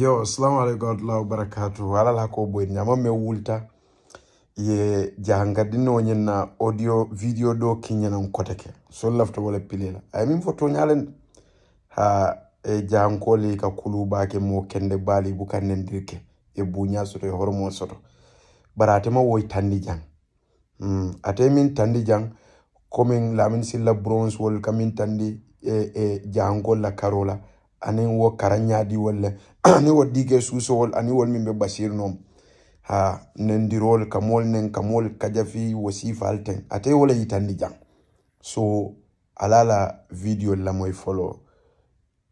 yo assalamu aleykum warahmatullahi wabarakatuh alala ko boyr ñama mi wulta ye jahangadinoñin na audio video do kiñanan kote ke sol lafta wala pilela ay min fo toñalen ha e jahankoli ka kulubake mo kende baali bukandendirke e buña soto e hormo soto bara atema woy tandi jang mm. ate min tandi jang komin lamin silla bronze wol kamin tandi e, e jahankol la karola ani wo karanya di wolle ani wo dige susowol ani wol min be basir nom ha nendirol kamol nen kamol kajafi wasifa alten ate wala yitandi jang so alala video la moy folo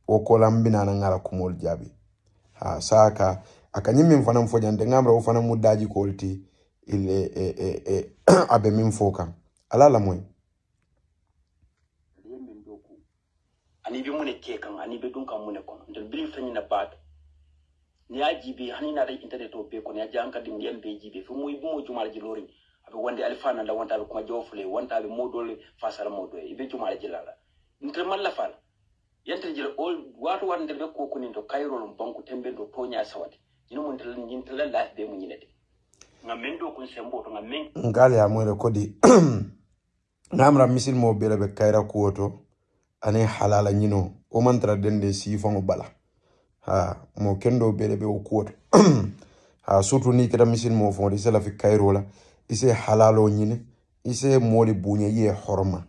wo kolam binana ngara kumol jabi ha saka akanyi min fana mfojande ngamra wo fana mudaji kolti ile e, e, e, abe min fokan alala moy ani bi mune ke kan ani be dun kan mune kono nder bili feñi na baata ni ya jiibi hani naata internet o be kono ya jan kadi ndiyam be jiibi fo moy bumo jumaala ji lorin aɓe wonde alifana la wontaɓe kuma jawofule wontaɓe moɗole fasala moɗo e ɓe jumaala jilala ntere malla fala yantere jila o wato wat nder ɓe kokunin to kayrol banku temben to toña sawate ñino mun yintala laafi be mu ñinete ngam min ɗo kon sembo to ngam min ngal yamoyre kodi namra misilmo ɓeɗa ɓe kayra kuwo ani halala ñino wo mantara den de bala ha mo kendo be be wo kuwo to ha surtout ni keta misil mo fo ise lafi kayro la ise halalo ñine ise mooli buñe ye horma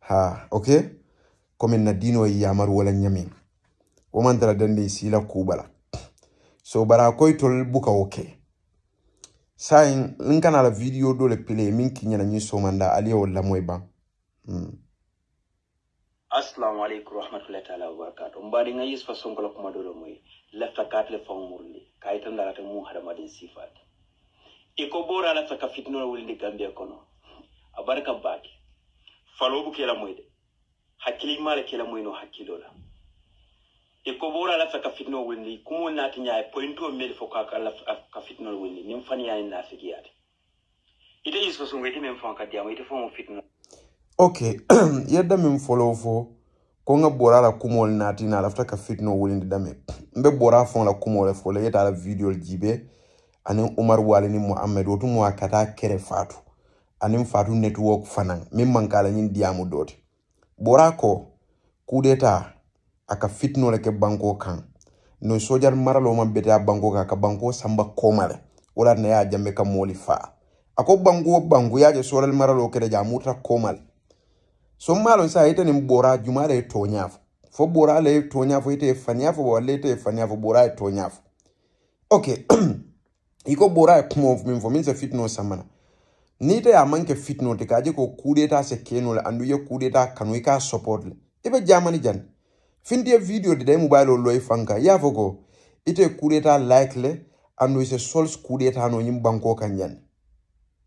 ha ok comme na dino e yamar wala ñamin wo mantara den de siila kubala so bara koytol buka wo ke sayin n la video do pile min kiñana ñi somanda ali ye wo lamo e ban mm assalamu aleykum rahmatullahi taala wabarakatu mbaɗi ga yis façon kola kuma ɗoɗo moy la lefta katle fawmurli kayitan darata mum sifat e ko bora la lefta ka fitnol wulindi gambia kono a barka baake falobu kela moyde hakkilimala kela la e ko bora la lefta ka ni wulindi kumol naati nyaay pointo mel fo ka ka fitno ni nim fitnol wulindi na fi nafigiyaade ite yis fa sonko ite men fo ka diamo ite fo mo fitno ok yedda min folo fo ko n ka bɔra la kumol naati na lafita ka fitino wulindi dame n be bɔra fɛŋ la kumo le fo la yeta la videol jibe ani umar wali ni muhammed wotu mu a ka taa kɛrɛ fatu ani fatu network fana min man kala ñin diyamu doti bɔra ko kudeta a ka fitino le kɛ banko kan no sojar maralo ma bete a banko kan ka banko samba koma le wala na y'a jambe ka mooli faa a ko banko banko y'a je soral maralo kɛrɛ ja muta koma le so sommalo sa itanin bora jumala e toñafo fo bora le e toñafo ite e fañafo walla ite e fañafo bora e toñafo ok iko bora e kumo min fo min se fitno samana ni ite a manke fitno te kaje ko kudeta se keno le andu ye kudeta kanu i ka support le ibe jamani jan fintiye video de day mobile lo e fanka ya fo ko ite kudeta like le andu ise sols kudeta no nyim banko kan jan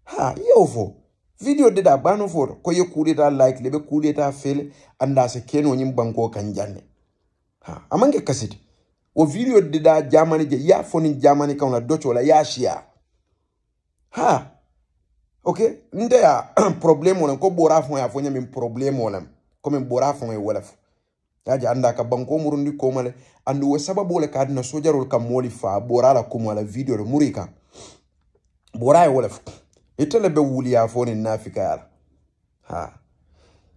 ha yo fo video de da bano for ko ye kuri da like lebe kuleta fele anda se keno nyim banko kan janne ha amange kasiti o video de da jamani je ya foni jamani kan la docho la ya shia ha okay nde ya problem wala ko bora fon ya fonya min problem wala ko min bora fon e wala fo ja anda ka banko murundi ko male andu wo sababu le kad na sojarul kam molifa bora la kumala video le murika bora e wala fo ita le be wuli ya na afrika nafikara ha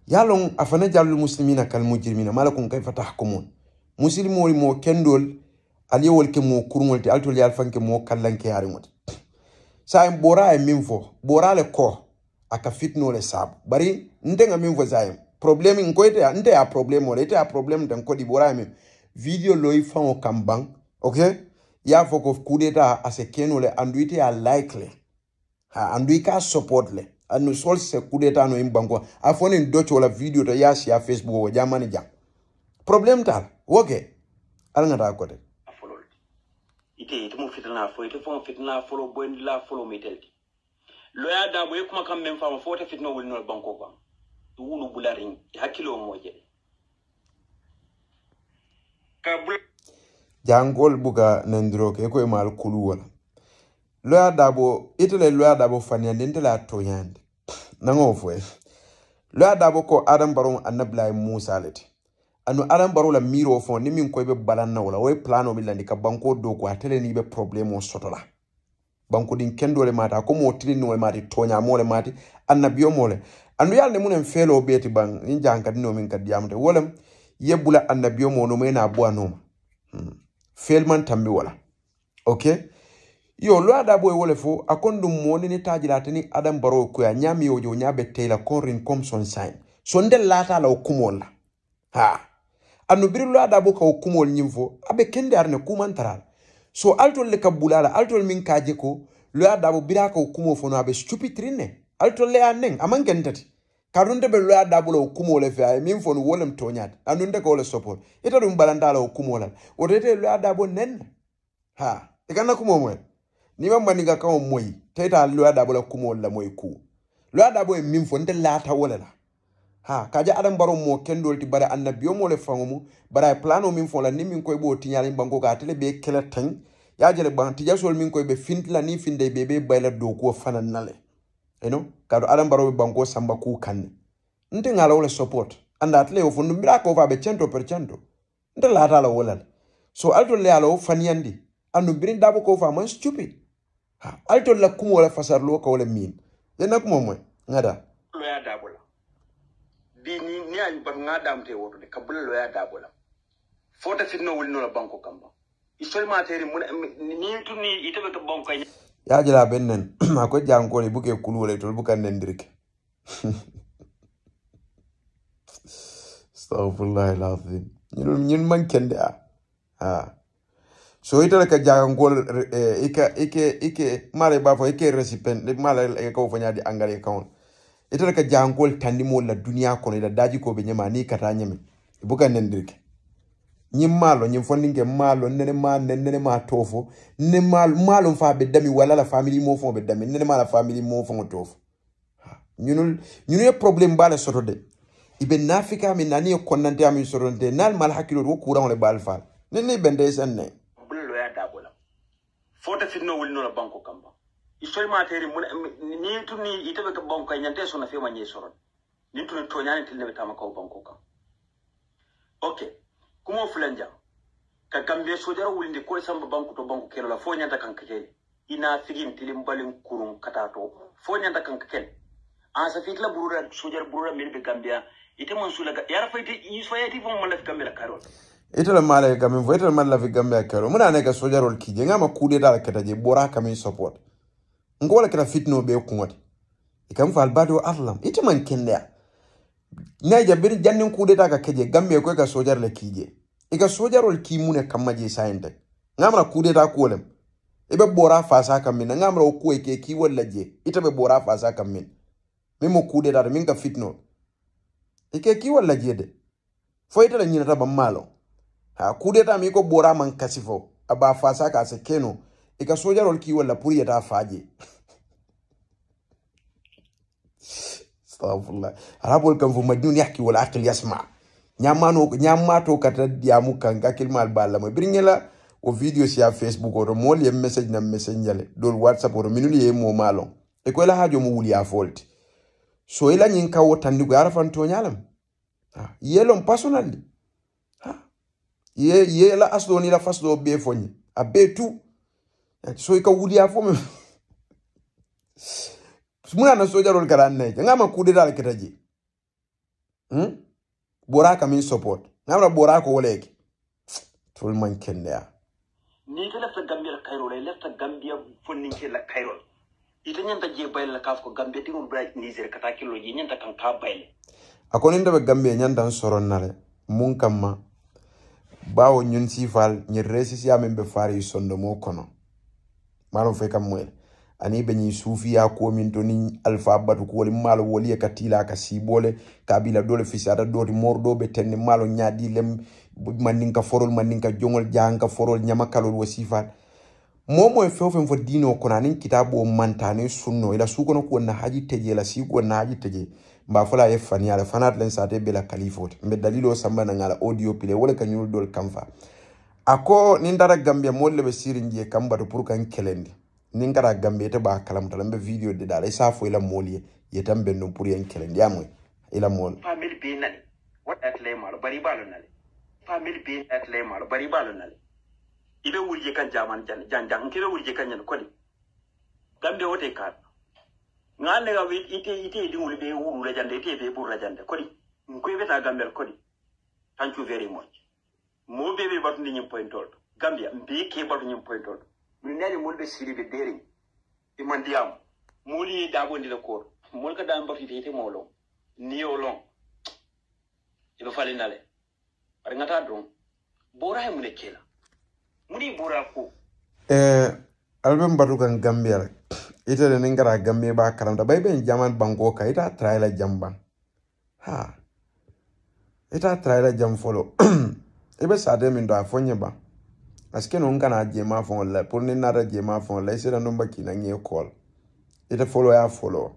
yalon afana jalul muslimina kal mujrimina malakum kayfa tahkumun muslimu wori mo kendol ali wol ke mo kurngol te altol yal fanke mo kallanke yari mot sa en bora e minfo bora le ko aka fitno le sab bari ndenga minfo fo zayem problème en ite ya nte ya problème wala ite a problème tan ko di bora min video loy fan o kambang okay ya foko kudeta ase kenole anduite ite ya likely ha andu i ka support le anu sol se kudeta no imbango afone ndocho la video ta yasi ya facebook wo jamani jam problem tal woge ala ngata kote ite ite mo fitna fo ite fo fitna fo lo bondi la fo lo metelti loya da boye kuma kam men fama fo ta fitna wol no banko ba wulu bularin hakilo moje ka bu jangol buga nandiro ke ko mal kulu wala loya dabo itele loya dabo faniyandi intele a toyandi nango voye loya dabo ko adam baro annabila e musa leti anu adam baro la miro fo nimi min ko be balanna wala way plano mila nika banko doko atele ni be problem o sotola banko din kendo le mati ko otili nwe mati tonya mo le mati anabiyo mo le andu yalne munen felo beti ban ni janka dino min kaddi amte wolam yebbula annabiyo mo no mena bo anoma hmm. felman tambi wala okay yo lo adabo e wole fo akon dum moni ni tajilatani adam baro ko ya nyami yo yo nyabe tela korin kom son sign son del lata la kumol ha anu biri lo adabo ka ko kumol nyimfo abe kende arne kumantaral so alto le kabulala alto min kaje ko lo adabo bo bira ko kumo fo no abe stupid rinne alto le anen aman kentati karunde be lo ada bo lo kumol e fa min fo no wolem tonyat anunde ko le support ita dum balanda la okumo la wotete lo adabo bo nen ha ikana kumo mo ni ma maninga kan moyi tayta lo dabo la kumo la moyi ku loya dabo e min fo ntel lata wala la ha kaja adam baro mo kendol ti bara annabiyo mo le fangomu bara e plano min fo la ni min koy e bo tinyali bango ka tele be kele tan ya jele ban ti jasol min koy e be fintla ni finde be be bayla do ko fanan nale eno kado adam baro be bango samba ku kanne nte ngala wala support anda atle o fundu mira ko fa be 100% nte lata la wala so alto le ala o faniyandi andu birin dabo ko fa man stupid ali tol la kumo la fasarloo ka wo la miin le na kuma moy ŋada loya daabo la bi ni ni a bato ŋa daamute woto de ka bula loya daabo la fota fitino woli no la banko kamba isolimatere mun ni tu ni itebe ka banko yaa jela ben nen a ko jankoni buke kulu wala itol buka nendirke astahfirullahi lazim ñin ñin man kende a ah so itala ka jagangol eh, ika ike ike mare ba fo ike recipient le eh, mare e ko fanya di angare kaon itala ka jagangol tandimo la dunia kono ila daji ko be nyama ni kata nyame e buka nendirke ñiŋ malo ñiŋ fondiŋ ke malo nene ma nene ma toofo ne maalo malo fa be dami wala la family mo faŋo be dami nene ma la famili moo faŋo toofo ñunu ñunu ye problème baa le soto de i be naafika mi nani ye konnanteya miŋ sotonte naal mal hakkiloo wo kuraŋo le baal faa ne ne bente sanne fota fitno wuli nola banko kamba isol materi mun ni tunni itabe ka banko ay e nyante sona fe manye soron ni tunni to nyane tilne betama ka banko kam okay kumo fulanja ka gambe sojara wulinde ko samba banko to banko kelo la fo nyanta kan kake ina figin tilim balin kurun katato fo nyanta kan kake an sa fitla burura sojar burura mil be gambia ite man sulaga yara fa ite yusfa fo man la gambia la karol itele mala e kamem voitele mala la vigambe ya kero muna ne ka sojarol kije ngama kude dala keta je bora kamem support ngola keta fitno be kuŋoti e kam fa albado allam ite man kendeya naija beri jannin kude ta ka keje gambe ko ka sojar le kije ika soja rol ki mune kamma je sayente ngamra kude ta kolem ibe bora fasa kammin ngamra o kuwe ke ki walla je ite be bora fasa kammin min mo kude ta min ka fitno e ke ki walla je de fo ite nyina ta ban malo ha kudeta mi ko bora man kasifo fo aba fasa ka se keno e ka soja rol ki wala puri yeta faje astafirullah arabol kan fu majnun yahki wal aqil yasma nyamano nyamato kata diamu kan ga balla mo birñela o video siya facebook o oto mol ye message na message ñale dol whatsapp o oto minun ye mo malo e ko la hajo mo wuli a folti so ila nyinka wotandi go arafan to nyalam ah yelo personally ye ye la aslo ni la faslo be fonyi a be tu so e ka wuli afo me muna na soja rol karan ne nga ma kude dal kitaji hmm bora ka min support nga ma bora ko wole tul man kende ni ke lafta gambia la kairo la lafta gambia fonnin ke la kairo ita nyanta je bayla la kaf ko gambia tingon bra niger kata kilo je nyanta kan ka bayla akoni ndabe gambia nyanta soron nare mun kamma bawo ñun sifal ñi resisiyamem be faari mo kono maro fe kam mo ani be ñi ko min to ni alfa alfabatu kuwoli maalo woliye ka tiila ka siibole kabila dole sada dooti mordo be tenni malo nyaadi lem mandinka forol mandinka jongol jahanka forol nyama kalol wo sifat mo few fe fo diino kono anin kitabu o manta anin sunno ila su ko na haji teje la si ko na haji teje mba fola ye fani ala fana tlen sate bela kalifot mbe dalilo samba na ngala audio pile wala kanyul dol kamfa ako nin dara gambia molle be sirin kamba to purkan kelendi nin gara gambia ta ba kalam to lambe video de dala isa fo ila moli ye tambe no puryan kelendi amwe ila mol famil be nani what at le mar bari balo nale famil be at le mar bari balo nale ibe wulje kan jaman jan jan jan kibe wulje kan nyan kodi gambia wote kar ngane ga ite ite di ngule be wuru la jande ite be buru la jande kodi ngoy beta gambel kodi thank you very much mo be be batu ni point tol gambia mbi ke batu ni point tol min nani mon be siri be deri e man diam moli da gondi la kor mol ka dam ba fi ite molo ni olon e be fali nale ar ngata don bora he mune kela muni bora ko eh album batu gambia ita da ningara gamme ba karanta bai ben jaman bango ka ita traila jamban ha ita traila jam folo ibe sade min do afonye ba aske non kana jema fon la pour ni nara jema fon la isira non baki na ngi call ita folo ya folo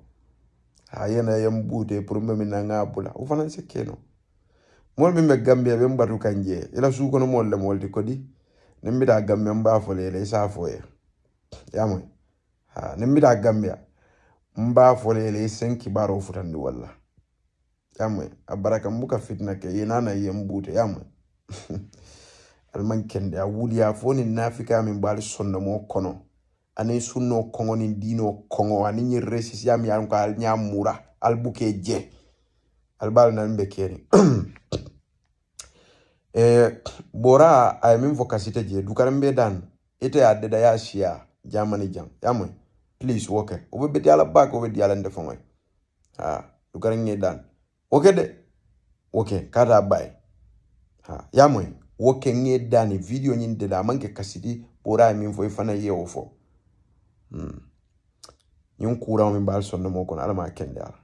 ha yana yan bude pour me min nga bula o fanan se keno mol min be gambia be mbatu kanje ila su kono mol le mol di kodi nimbi da gamme mba folo ila isa fo ya mo Ah, nin bita gambia n b'a fɔle sen kibarow futandi walla yamwe a baraka mbuka fitna ke ye ye mbute yamwe alman kende a wuliya fo nin nafika min b'ali sondomo kono ani sunno kɔngɔ ni dino kɔngɔ ani ɲe resisi ya min alko al ɲa mura albuke je albal nan be keni eh, bora a ye min je dukarin be dan ite a deda ya siya jamani jan yamwe please wo kɛ o bɛ bɛti ala ba kɛ o bɛ di ala ni tɛ fɔngɔ ha o kɛra ɲɛ dan wo kɛ dɛ wo kɛ k'a ye ha y'a mɔ ye wo kɛ ɲɛ dan ni video ɲini de la a man kɛ kasidi bɔra ye fo i fana ye wo fo hmm. ɲin kura min b'a sɔn ne mɔ kɔnɔ ala